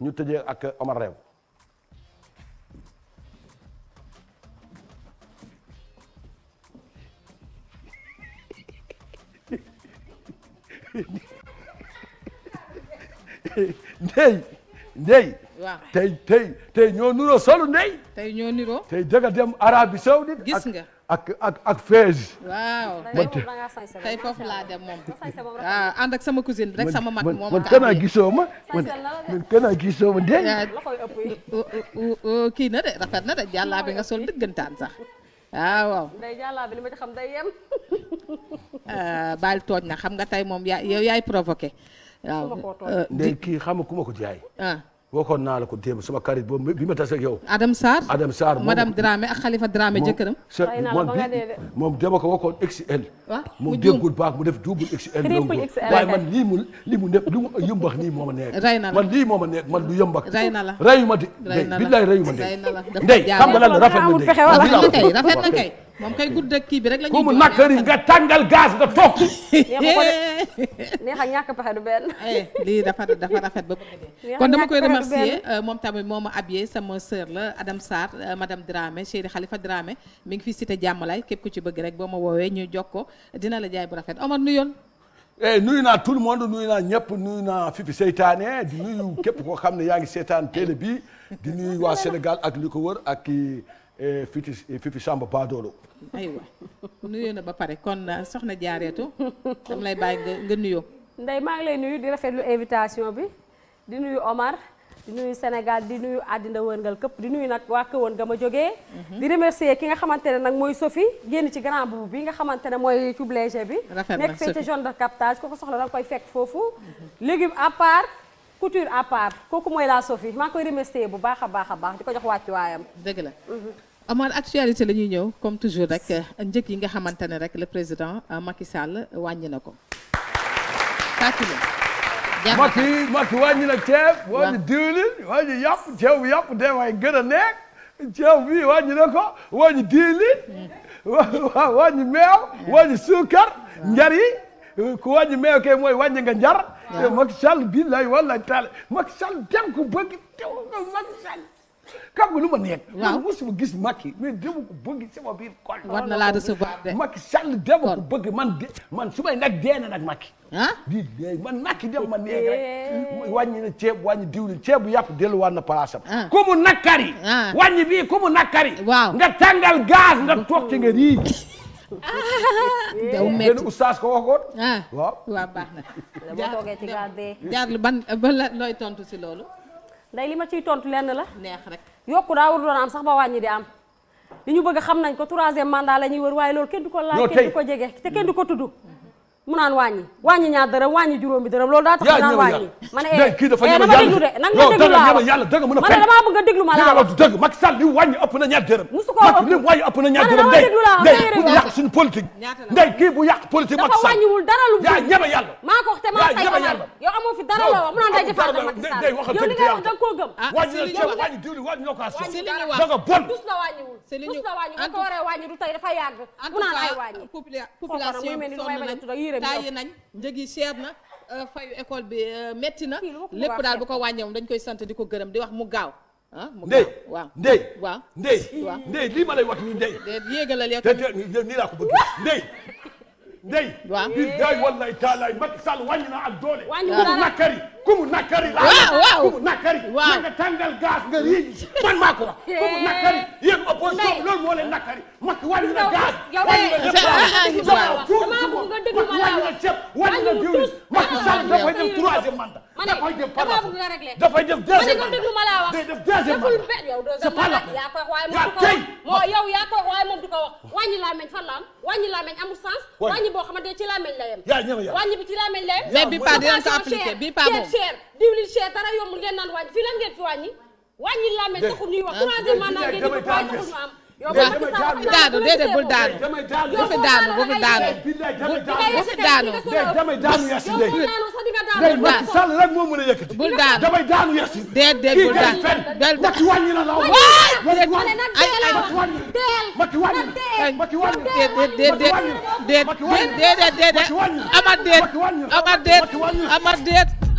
ñu tëjee ak Omar Rew ndey ndey tey tey tey ñoo niroo solu ndey tey ñoo dem Arabie Saoudite nga ak ak ak feej. waaw tey foofu laa dem moom. waaw ah, ànd ak sama cousine rek sama mag. moom man kanaa gisoo ma man man gisoo ma de. Ah, kii na de rafet na jàllaa bi nga sol dëggantaan sax ah, waaw. day jàllaa baal tooñ na xam nga tey moom yaa yow yaay provoqué. waaw kii xam nga ku ma ko jaay. waxoon naa la ko démb sama xarit boobu bi ma tase ak yow. Adam Sarr Adam Sarr moom madame Dramé ak Khalifa Dramé jëkkëram. moom dama ko waxoon XL. waaw mu juum moom déggul baax mu def double XL. triple XL waaye man lii mu lii mu nekk li mu yëmbax nii moo ma nekk. rey na la man lii moo ma nekk man du yëmbax. rey na la reyu ma de. rey na la ndey billaay reyu ma de. rey na la dafa jaarale ndey xam nga lan rafet na ndey. rafet na kay rafet na kay. moom kay gudd ak kii bi rek la ñuy jox ku mu nàkkari nga tàngal gaz nga toog. ak ñàkk pexe du benn. Eh, lii dafa dafa rafet ba bëgg kon dama koy remercier euh, moom tamit moo ma abiyee sama sœur la Adam Sarr euh, madame Dramé chéri xalifa Dramé mi ngi fi cité jàmmalaay képp ku ci bëgg rek boo ma woowee ñu jokko dina la jaay bu rafet Omar nuyoon. Eh, nuyu naa tout le monde nuyu ñëpp nuyu naa képp koo xam ne yaa ngi seetaan télé bi di nuyu waa Sénégal ak li ko wër ak. fii e ci fii ci e chambre Badolo. na ba pare kon uh, soxna jaareetu dam lay bàyyi nga nga nuyoo. ndey maa ngi lay nuyu di rafetlu invitation bi di nuyu Omar. di nuyu Sénégal di nuyu àddina wërngal këpp di nuyu nag waa Këwoon ga ma jógee. Mhm. di remercier ki nga xamante ne nag mooy Sophie génn ci grand boubou bi nga xamante ne mooy tube léger bi. nekk fii ci zone de captage kooku soxla da koy fekk foofu. Mhm. légume à part couture à part kooku mooy laa Sophie maa ngi koy remercier bu baax a baax a baax di ko jox wàccuwaayam. dëgg la. Mhm. Amar actualité la ñuy ñëw comme toujours rek njëg yi nga xamante ne rek le président euh, Macky Sall wàññi na ko. tàcc wàññi na ceeb. waaw wàññi diwlin wàññi yàpp ceeb yàpp dee waay gën a nekk. ceeb bi wàññi na ko wàññi diwlin. Mm. wàññi meew. wàññi suukar. njar ku wàññi meew kay mooy wàññi nga njar. waaw te Macky Sall billahi wallahi taala Macky Sall xam nga lu ma nekk. waaw man mosuma gis Macky mais dama ko bëgg sama biir xol. war na laa de. Macky Sall dama ko bëgg man de man su nag dee na nag Macky. ah di dee man Macky dem ma neeg rek. Eh. na ceeb wàññi diwlin ceeb bu yàpp delluwaat na palaasam. Ah. ku mu nakari. Ah. wàññi bii ku nga tàngal gaz nga toog ci nga rii. ko waxoon. si ah. loolu. nday li ma ciy tontu lenn la. neex rek yokku daa war am sax ba wàññi di am. li ñu bëgg xam nañ ko troisième mandat la ñuy war waaye loolu kenn du ko laal kenn du ko jege te kenn du ko tudd. mu naan wàññi wàññi ñaar dërëm wàññi juróomi dërëm loolu daa tax mu naan wàññi ma kii dafa eh, ñeme yàlla de nag ma déglu laa wax a a déglu kii bu yàq politique Macky Sall naan yow amoo dara la da nga koo tàyyi nañ njëg yi cher na euh, fayu école bi euh, metti na lépp daal bu ko wàññee wàññeewoon dañ koy sant di ko gërëm di wax mu gaaw ah mu gaaw waaw ndey waaw ndey waaw ndey lii ma lay wax nii ndey yéegalal yow nii laa ko bëgg ndey ndey waaw billaay wallaay taalaay Macky Sall wàññi na ak doole ku mu nakari ku mu nga tàngal gaz nga riij man maa ko wax ku mu nakari yéen opposition loolu moo leen nakari Macky wàññi na gaz wàññi na lépp na diw yi Macky Sall ah, dafay def troisième mandat. dafay def par dafay def deuxième mandat day def deuxième mandat. c'est pas la peine yaa tey. moo waaye moom du wax wàññi làmmiñ fan la am wàññi làmmiñ amul sens. wàññi boo xamante ne ci làmmiñ la yem. yaa ñeme yaa wàññi bi ci làmmiñ la yem. mais bi pas dinañ appliquer bi pas moom diwlin cher dara yombul ngeen naan wàññi fii lan ngeen fi wàññi wàññi làmmiñ taxul ñuy wax troisième mandat ngeen di ko waaye taxul ñu am bu fi daanu déedéet bul daanu bu fi daanu bu fi daanu bu fi daanu. damay daanu yas si dee. sàll rek moo mën a yëkkati. bul daanu damay daanu yas si. déedéet bul daanu déedéet bul daanu. wàññi na la waaw wàññi na wàññi na